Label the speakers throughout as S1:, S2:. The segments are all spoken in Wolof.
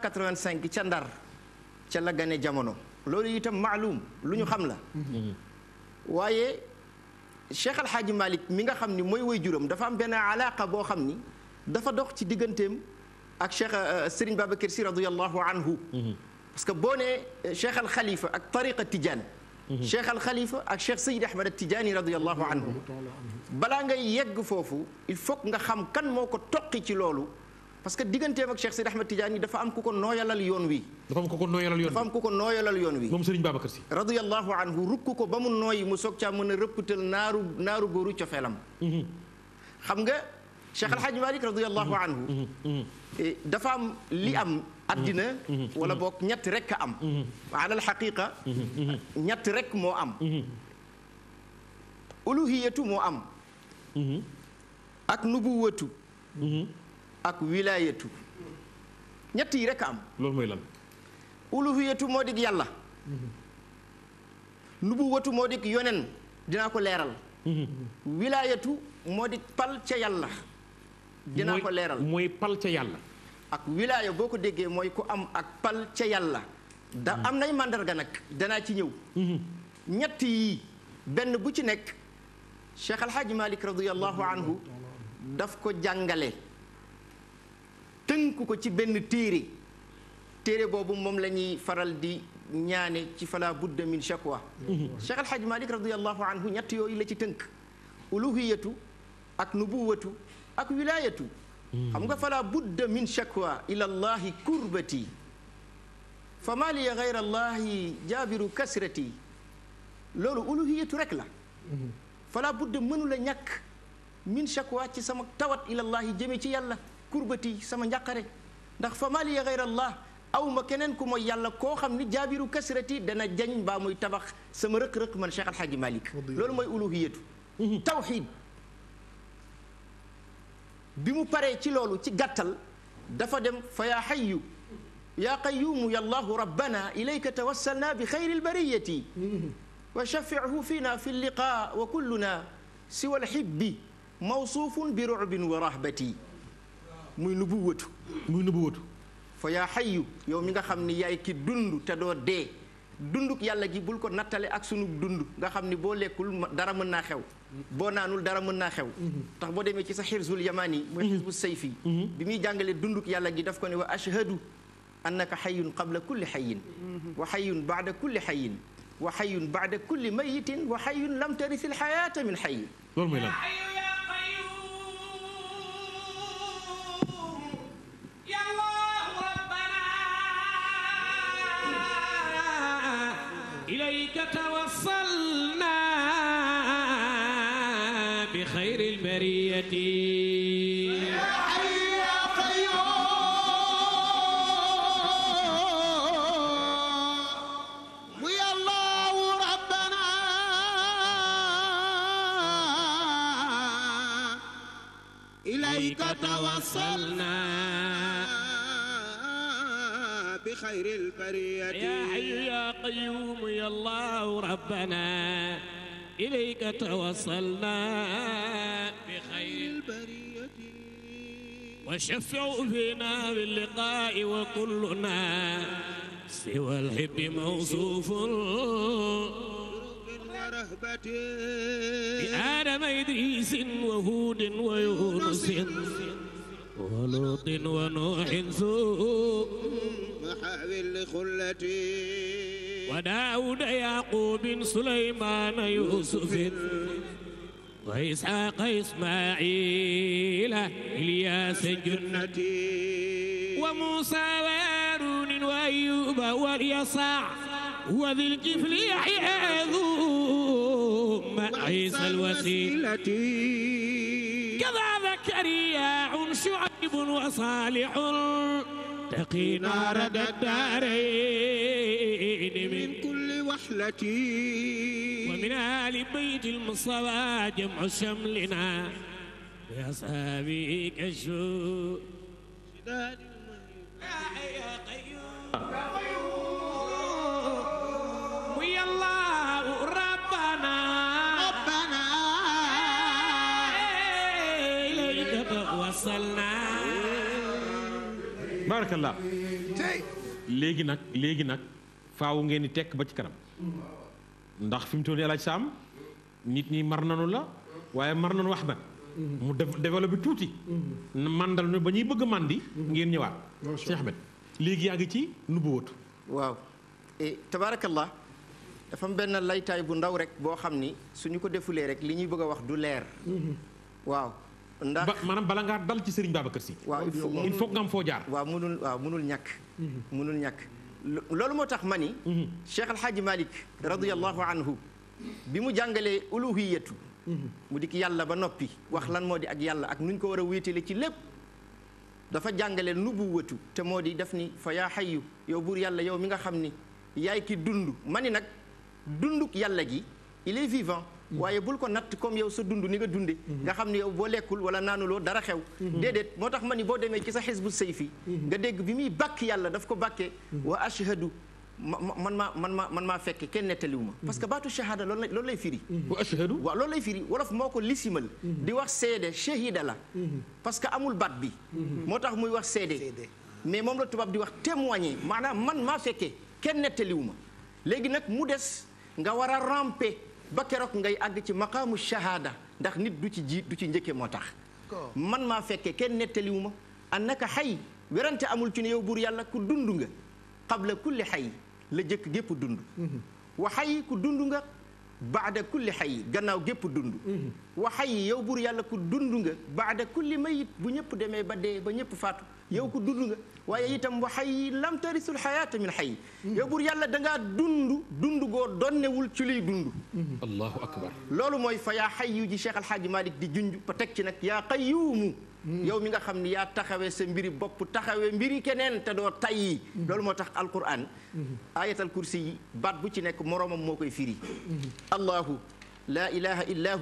S1: 85 ci Ndar ci la gane jamono loolu itam maalum lu xam la waaye Cheikh Al Hadj mi nga xamni moy mooy way juróom dafa am ben alaqa bo xamni dafa dox ci digëntem ak Cheikh Serigne Babacar Sy radiyallahu anhu parce que boné Cheikh Al Khalifa ak tariqa tijan Cheikh Al Khalifa ak Cheikh sayyid Ahmed tijani radiyallahu anhu bala ngay yegg fofu il faut nga xam kan moko tokki ci lolu parce que digganteem ak Cheikh Sidi Ahmed Tidiane dafa am ku ko nooyalal yoon wi. dafa am ku ko nooyalal yoon wi dafa am ku ko nooyalal yoon ba mu nooyi mu soog caa mën a naaru góoru cofeelam. Mhm. xam nga. Cheikh Al Hadj Malick radiyallahu mhm. Mhm. E, am li am. addina. wala boog ñett rek a am. alal xaqiqa. ñett rek moo am. uluhiyatu moo am. ak nubuwatu. ak wilaayatu ñett yi rek am. loolu mooy lan. uluhiyatu moo dig yàlla. nubuwatu moo dig yonen dinaa ko leeral. wilaayatu moo dig pal ca yàlla. dinaa ko leeral mooy pal ca yàlla. ak wilaaya boo ko déggee mooy ko am ak pal ca yàlla. da am nay màndarga nag danaa ci ñëw. ñett yi benn bu ci nekk. Cheikh Al Hadj Malick anhu daf ko jàngale. tënk ko ci benn téere téere boobu moom la ñuy faral di ñaane ci fala budda min shakwa mm-hmm. Cheikh Alhaj Malik radiallahu anhu ñett yooyu la ci tënk uluhiyatu ak nubuwatu ak wilayatu mm-hmm. xam nga fala budda min shakwa ila llahi kurbati fa maa liya gayra allahi jaabiru kasrati loolu uluhiyatu rek la
S2: mm-hmm.
S1: fala budda mënu la ñàkk min shakwa ci sama tawat ila llahi jëme ci yàlla كربتي سما نياخاري داخ فما لي غير الله او ما كنن كوم يالا كو خامني جابيرو كسرتي دنا جاني با موي تبخ سما رك رك من شيخ الحاج مالك لول موي الوهيه توحيد بيمو باري تي لولو تي غاتال دا فا ديم فيا حي يا قيوم يا الله ربنا اليك توسلنا بخير البريه وشفعه فينا في اللقاء وكلنا سوى الحب موصوف برعب ورهبه muy nubuwatu muy nubuwatu fa ya xayyu yow mi nga xamni yaay ki dund te do de dunduk yàlla gi bul ko natale ak sunu dund nga xamni bo lekul dara mën na xew bo nanul dara mën na xew tax bo demé ci sa xirsul yamani moy mooy sayfi bi mi jàngale dunduk yàlla gi daf ko ni wa ashhadu annaka hayyun qabla kulli hayyin wa hayyun ba'da kulli hayyin wa xayyun baada kulli mayitin wa xayyun lam tarisil xayaata min xayyin
S2: loolu mooy lan إليك توصلنا بخير البرية يا حي يا قيوم ربنا إليك توصلنا بخير البرية يا حي يا القيوم يا الله ربنا إليك توصلنا بخير البرية وشفعوا فينا باللقاء وكلنا سوى الحب موصوف رهبة بآدم إدريس وهود ويونس ولوط ونوح سوء
S1: محاذ لخلتي
S2: وداود يعقوب سليمان يوسف وإسحاق إسماعيل إلياس جنتي وموسى وهارون وأيوب واليسع وذي الكفل يحيى ذوم عيسى الوسيلة كذا زكريا شعيب وصالح تقي نار الدارين من كل وحلتي ومن آل بيت المصطفى جمع شملنا يا صاحبي كشو يا قيوم يا قيوم ويا الله ربنا ربنا إليك وصلنا بارك الله ليجي نك ليجي نك faaw ngeen di tekk ba ci kanam ndax fi mu toll alaaj saam nit ñi mar nañu la waaye mar nañu wax nag mu développé tuuti mandal nu ba ñuy bëgg mandi ngeen ñëwaat cheikh ahmed léegi yaa ngi ci nubu watu
S1: waaw e, tabarakallah dafa am benn laytaay bu ndaw rek boo xam ni suñu ko defulee rek li ñuy bëgg a wax du leer waaw ndax maanaam bala ngaa dal ci Serigne babacar si waaw il faut nga am foo jaar waaw munul waaw munul ñàkk mhm. munul ñàkk loolu moo tax ma ni Cheikh Alhaaji Malick radiallahu anhu bi mu jàngalee uluhiyatu mu dikk yàlla ba noppi wax lan moo di ak yàlla ak nuñ ko war a wéetale ci lépp dafa jàngale nubuwatu te moo di def ni fa yaa xayyu yow buur yàlla yow mi nga xam ni yaay ki dund ma ni nag dunduk yàlla gi il est vivant waaye bul ko natt comme yow sa dund ni nga dunde mhm. nga xam ne yow boo lekkul wala naanuloo dara xew mhm. déedéet moo tax ma ni boo demee ci sa xisbu sayfi mhm. nga dégg bi muy bàkk yàlla daf ko bàkkee wa ashhadu man maa man maa man maa fekke kenn nettaliwu parce que baatu shahada loolu lay loolu lay firi wa ashhadu waaw loolu lay moo ko lisimal di wax seede shahida la parce que amul baat bi moo tax muy wax seede mais moom la tubaab di wax témoigner maanaam man maa fekkee kenn nettaliwu ma léegi nag mu des nga war a ramper ba keroog ngay àgg ci maqaamu shahada ndax nit du ci jiit du ci njëkke moo tax man maa fekke kenn nettaliwu ma annaka xay werante amul ci ne yow buur yàlla ku dund nga qabla kulli xay la jëkk gépp dund mhm. wa xay ku dund nga baada kulli xay gannaaw gépp dund mm-hmm. wa xay yow buur yàlla ku dund nga baada kulli mayit bu ñëpp demee ba dee ba ñëpp faatu mm-hmm. yow ko dund nga waaye mm-hmm. itam wa xay lam tarisul xayaata min xay yow buur yàlla dangaa dund dund goo donnewul ci liy dund allahu akbar loolu mooy fa yaa xayu ji cheikh alhaaji malik di junj ba teg ci nag yaa qayuumu Mm. yow mi nga xamni ya taxawé sa mbiri bop taxawé mbiri kenen té do tayi mm-hmm. lolou motax alquran mm-hmm. ayatul kursi bat bu ci nek morom mom mokay firi allah la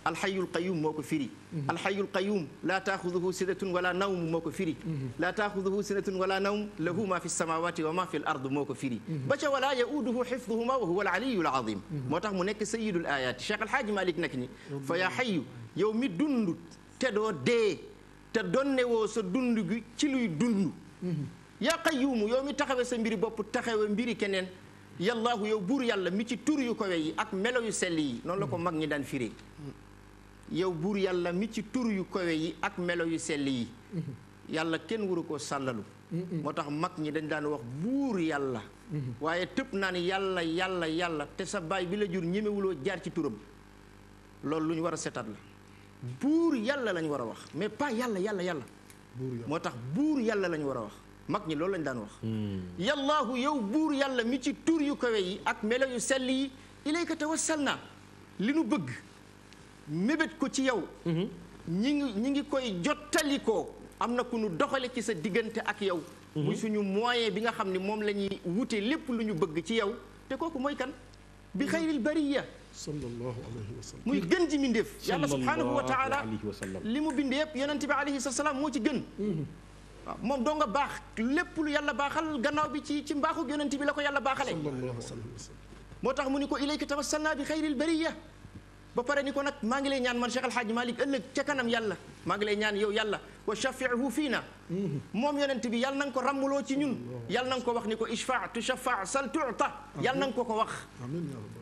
S1: الحي القيوم موكو فيري الحي القيوم لا تاخذه سنة ولا نوم موكو فيري لا تاخذه سنة ولا نوم له ما في السماوات وما في الأرض موكو فيري بچا ولا يؤده حفظهما وهو العلي العظيم موتاخ مو نيك سيد الآيات شيخ الحاج مالك نكني فيا حي يوم دوند تدو دي te donne woo sa dund gi ci luy dund mhm. yaa qayyuumu yow mi taxawe sa mbiri bopp taxawe mbiri keneen yallaahu yow buur yàlla mi ci tur yu kawe yi ak melo yu selli yi la ko mhm. mag ñi daan firee mhm. yow buur yàlla mi ci tur yu kawe yi ak melo yu sell yi yàlla kenn waru koo sàllalu moo tax mag ñi dañ daan wax buur yàlla waaye tëb naa ne yàlla yàlla yàlla te sa baay bi la jur ñemewuloo jaar ci turam loolu lu ñu war a setaat la buur yàlla lañ war a wax mais pas yàlla yàlla yàlla moo tax buur yàlla lañ war a wax mag ñi loolu lañ daan wax hmm. yallaahu yow buur yàlla mi ci tur yu kawe yi ak melo yu sell yi ilayka tawassal naa li nu bëgg mébét ko ci yow hmm. ñi ngi ñi ngi koy jottalikoo am na ku nu doxale ci sa diggante ak yow hmm. muy suñu moyen bi nga xam ni moom lañuy ñuy wute lépp lu ñu bëgg ci yow te kooku mooy bi xayril bariya sallallahu alayhi wa sallam muy gën ji mbindeef yàlla subhaanahu wa taala li mu bind yëpp yonente bi alayhi salatu salaam moo ci gën mhm. waaw moom doo nga baax lépp lu yàlla baaxal gannaaw bi ci ci mbaaxu yonente bi la ko yàlla baaxalee moo tax mu ni ko ilayka tawassalna bi xayril bariya ba pare ni ko nag maa ngi lay ñaan man Cheikh Alhaaji Malick ëllëg ca kanam yàlla maa ngi lay ñaan yow yàlla wa shafi'hu fiina moom yonent bi yal na nga ko ràmmuloo ci ñun yal na nga ko wax ni ko ishfa tu shafa sal tuta yal na nga ko ko wax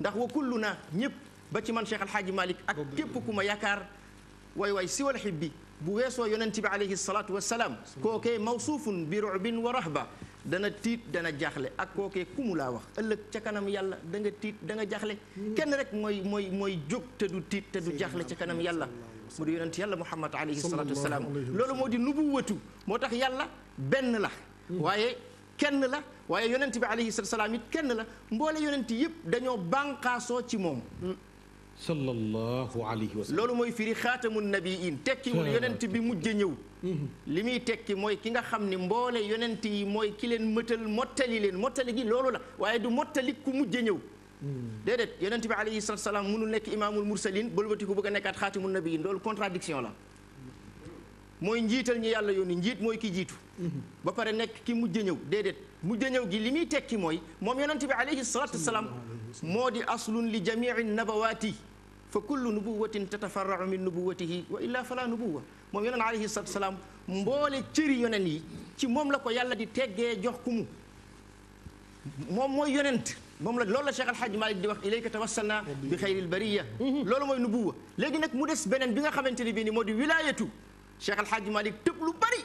S1: ndax wa kulluna ñëpp ba ci man Cheikh Alhaaji Malick ak képp ku ma yaakaar way way siwal xibbi bu weesoo yonent bi alayhi salaatu wasalaam kookee mawsuufun bi ru'bin wa rahba dana tiit dana jaaxle ak kookee ku mu laa wax ëllëg ca kanam yàlla da nga tiit da nga jaaxle kenn rek mooy mooy mooy jóg te du tiit te du jaaxle ca kanam yàlla mu di yonent yàlla muhammad alayhi salatu wasalaam loolu moo di nubuwatu moo tax yàlla benn la hmm. waaye kenn la waaye yonent bi alayhi salatu wasalaam it kenn la mboole yonent yëpp dañoo bànqaasoo ci moom hmm. sallallahu alayhi wa sallam loolu mooy firi xaatamu nabiin tekkiwul yonent bi mujj ñëw hmm. li muy tekki mooy ki nga xam ni mboole yonent yi mooy ki leen mëtal mottali leen mottali gi loolu la waaye du mottali ku mujj ñëw Hmm. déedéet yonent bi alayhi salaatu salaam mënul nekk imaamul mursalin bëlbatiku bëgg a nekkaat xaatimul nabiyin loolu contradiction la mooy njiital ñi yàlla yoon yónni njiit mooy ki jiitu hmm. ba pare nekk ki mujj ñëw déedéet mujj ñëw gi li muy tekki mooy moom yonent bi alayhi salaatu salaam moo di aslun li jamii nabawaati fa kullu nubuwatin tatafarrau min nubuwatihi wa illa fala nubuwa moom yonent alayhi salaatu salaam mboole cëri yonent yi ci moom la ko yàlla di teggee jox ku mu moom mooy yonent mom la lolou la Cheikh Al Hadj Malick di wax ilayka tawassalna bi xayril bariya lolou moy nubuwa legi nak mu dess benen bi nga xamanteni bi ni modi wilayatu Cheikh Al Hadj Malick tëb lu bari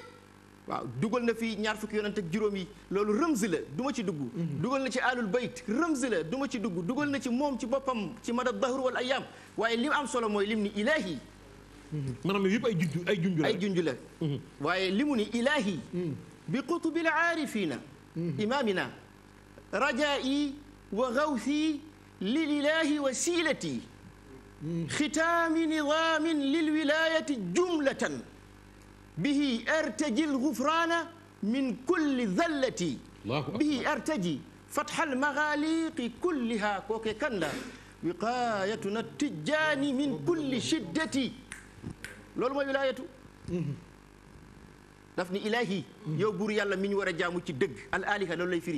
S1: waaw dugal na fi ñaar fukki yonent ak juróom yi lolou rëmz la duma ci dugg dugal na ci alul bayt rëmz la duma ci dugg dugal na ci mom ci bopam ci madad dahr wal ayyam waye lim am solo moy limni ilahi manam maanaam ay jundju ay jundju ay jundju la waye limuni ilahi bi qutubil aarifina imamina rajaa وغوثي للإله وسيلتي ختام نظام للولاية جملة به أرتجي الغفران من كل ذلتي به أرتجي فتح المغاليق كلها كوكي كندا وقايتنا التجان من كل شدتي لول ما ولايته دفني إلهي ilahi yow من yàlla mi ñu war a jaamu ci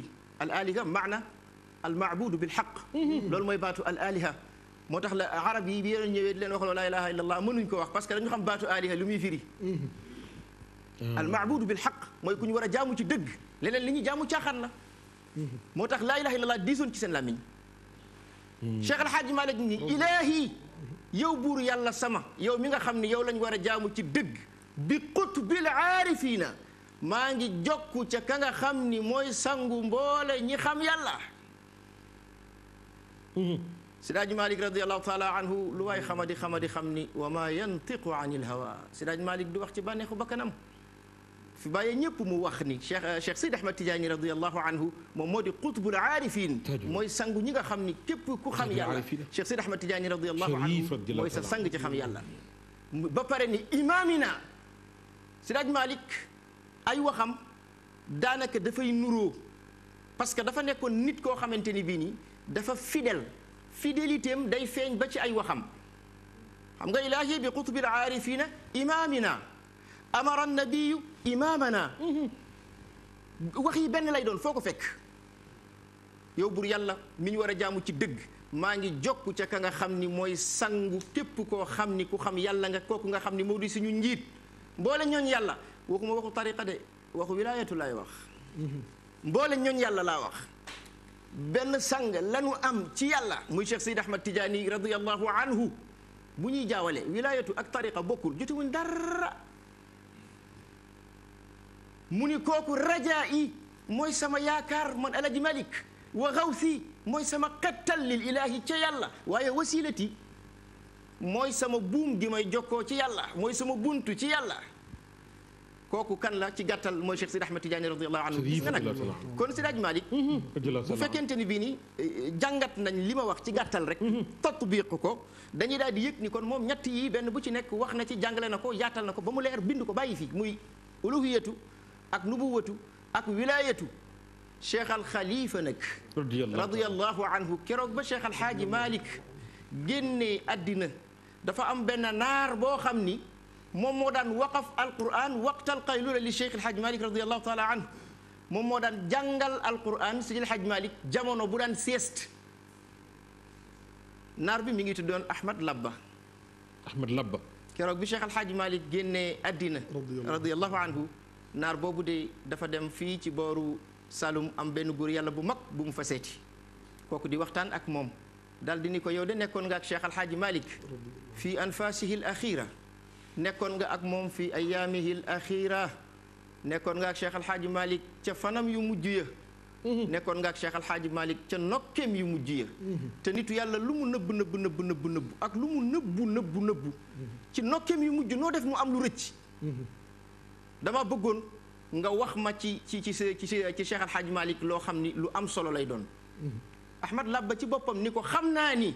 S1: al maabudu bil xaq loolu mooy baatu al aliha moo tax la arab yi bi yeneen ñëwee di leen wax laa ilaha illa allah mënuñ ko wax parce que dañu xam baatu aliha lu muy firi al maabudu bil xaq mooy ku ñu war a jaamu ci dëgg leneen li ñuy jaamu caaxaan la moo tax laa ilaha illa allah diisoon ci seen làmmiñ cheikh alhaaji malik ni ilaahi yow buur yàlla sama yow mi nga xam ne yow lañ war a jaamu ci dëgg bi qutbil aarifina maa ngi jokku ca ka nga xam ni mooy sangu mboole ñi xam yàlla Sidaaji Malik radiyallahu taala anhu lu waay xamadi xamadi xam ni wa ma yantiqu anil hawa Sidaaji Malik du wax ci bànneexu bakkanam fi bàyyee ñëpp mu wax ni Cheikh Cheikh Sidi Ahmad Tidiane radiyallahu anhu moom moo di qutbul aarifin mooy sangu ñi nga xam ni képp ku xam yàlla Cheikh Sidi Ahmad Tidiane radiyallahu anhu mooy sa sang ci xam yàlla ba pare ni imaamina Sidaaji Malik ay waxam daanaka dafay nuroo parce que dafa nekkoon nit koo xamante ni bii nii dafa fidèle fidélité am day feeñ ba ci ay waxam xam nga ilaahi bi qutbil aarifina imaamina amara nabiyu imaamana wax yi benn lay doon foo ko fekk yow bur yàlla mi ñu war a jàmm ci dëgg maa ngi jokk ca ka nga xam ni mooy sangu képp koo xam ni ku xam yàlla nga kooku nga xam ni moo di suñu njiit mboole ñooñ yàlla waxuma waxu tariqa de waxu wilaayatu laay wax mboole ñooñ yàlla laa wax benn sang lanu am ci yàlla muy Cheikh Seydi Ahmad tijani radiyallahu anhu bu ñuy jaawale wilaayatu ak tariqa bokkul jotewuñ dara mu ni kooku rajaa yi mooy sama yaakaar man alaji malik wa gawsi mooy sama kattal lil ilaahi ca yàlla waaye wasilati mooy sama buum gi may jokkoo ci yàlla mooy sama buntu ci yàlla kooku kan la ci gàttal mooy Cheikh Sidi Ahmed Tidiane radiyallahu anhu gis nga nag kon Sidi Hadj Malick mm-hmm. bu fekkente ni bii ni eh, jàngat nañ li ma wax ci gàttal rek mm-hmm. tatbiq ko dañuy daal di yëg ni kon moom ñett yi benn bu ci nekk wax na ci jàngale na ko yaatal na ko ba mu leer bind ko bàyyi fi muy uluhiyatu ak nubuwatu ak wilayatu cheikh al xalifa nag radiyallahu anhu keroog ba cheikh alhaaji Malick génnee addina dafa am benn naar boo xam ni موم مودان وقف القران وقت القيلوله للشيخ الحاج مالك رضي الله تعالى عنه موم مودان جانغال القران سيدي الحاج مالك جامونو بودان سيست نار بي ميغي تودون احمد لبا احمد لبا كيروك بي شيخ الحاج مالك генي ادينا رضي, رضي الله عنه نار بوبو دي دا فا ديم في تي بورو سالوم ام بن غور يالا بو ماك بوم فاسيتي كوكو دي وقتان اك موم دال دي نيكو يو دي نيكون غاك شيخ الحاج مالك في انفاسه الاخيره nekkoon nga ak moom fi ayaamihil axira nekkoon nga ak Cheikh Alxaaji Malik ca fanam yu mujj ya mhm. nekkoon nga ak Cheikh Malik ca nokkeem yu mujj ya mhm. te nitu yàlla lu mu nëbb nëbb nëbb nëbb nëbb ak lu mhm. ci nokkeem yu mujj noo def mu am lu rëcc dama bëggoon nga wax ma ci ci ci ci ci Cheikh Malik loo xam ni lu am solo lay doon Ahmad Labba ci boppam ni ko xam naa ni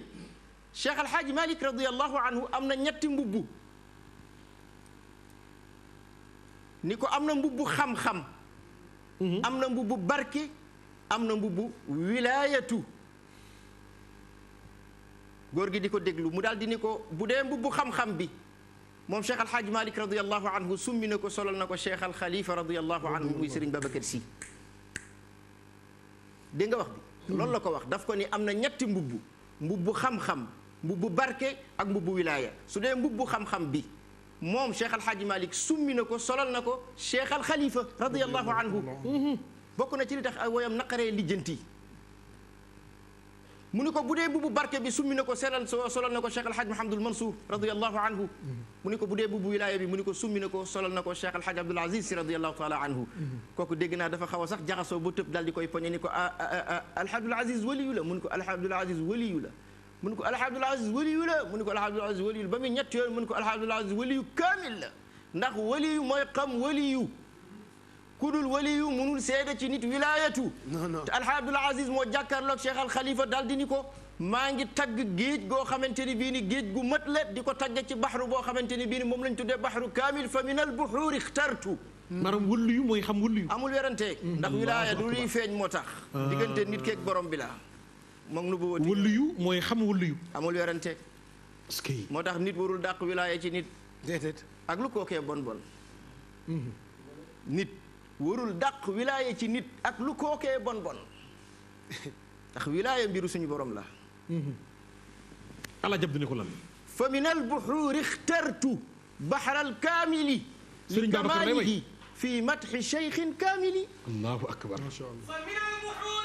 S1: Cheikh Alxaaji Malik radiallahu anhu am na ñetti mbubb Niko amna mbubu xam-xam mhm. amna mbubu barki amna mbubu wilayatu gor gi diko ko mu daldi niko budé mbubu xam-xam bi mom cheikh malik radiyallahu anhu summi niko solal nako cheikh al khalifa radiyallahu anhu muy serigne babakar si de nga wax bi mhm. loolu la ko wax daf ko ni amna ñetti mbubu mbubu xam-xam mbubu barke ak mbubu wilaya su dé mbubu xam-xam bi موم شيخ الحاج مالك سمي نكو سولال نكو شيخ الخليفه رضي الله عنه بوكو نتي لي تخ ويام نقري لجنتي مونيكو بودي بوبو باركه بي نكو سلال سولال نكو شيخ الحاج محمد المنصور رضي الله عنه مونيكو بودي بوبو ولايه بي مونيكو سمي نكو سولال نكو شيخ الحاج عبد العزيز رضي الله تعالى عنه كوكو دغنا دا فا خاوا صاح جاخاسو بو توب دال ديكوي العزيز ولي ولا مونيكو الحاج العزيز ولي ولا mu ne ko alxaaj abdul aziz waliyu la mu ne ko alxaaj abdul aziz waliyu la ba muy ñett yoon mu ne ko alxaaj abdul aziz waliyu kaamil la ndax waliyu mooy xam waliyu ku dul waliyu munul seede ci nit wilaayatu te alxaaj abdul aziz moo jàkkaarloog cheikh al xalifa daal di ni ko maa ngi tagg géej goo xamante ni bii ni géej gu mat la di ko tagge ci baxru boo xamante ni bii ni moom lañ tuddee baxru kaamil fa min al buxuuri ixtartu maanaam wullu yu mooy xam wullu yu amul werante ndax wilaaya du luy feeñ moo tax diggante nit keeg borom bi la moom nubuwati waliyu mooy xam waliyu amul werante parce que moo tax nit warul dàq wilaaya ci nit déedéet ak lu kookee bon bon nit warul dàq wilaaya ci nit ak lu kookee bon bon ndax wilaaya mbiru suñu borom la ala jab dina ko lan fa min albuxuur ixtartu baxra alkaamili likamaalihi fi matxi cheikhin kaamili
S2: allahu akbar ma
S1: sha allah